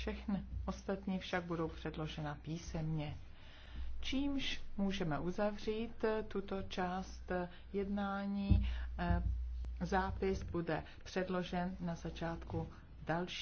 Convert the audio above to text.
Všechny ostatní však budou předložena písemně. Čímž můžeme uzavřít eh, tuto část eh, jednání. Eh, Zápis bude předložen na začátku další.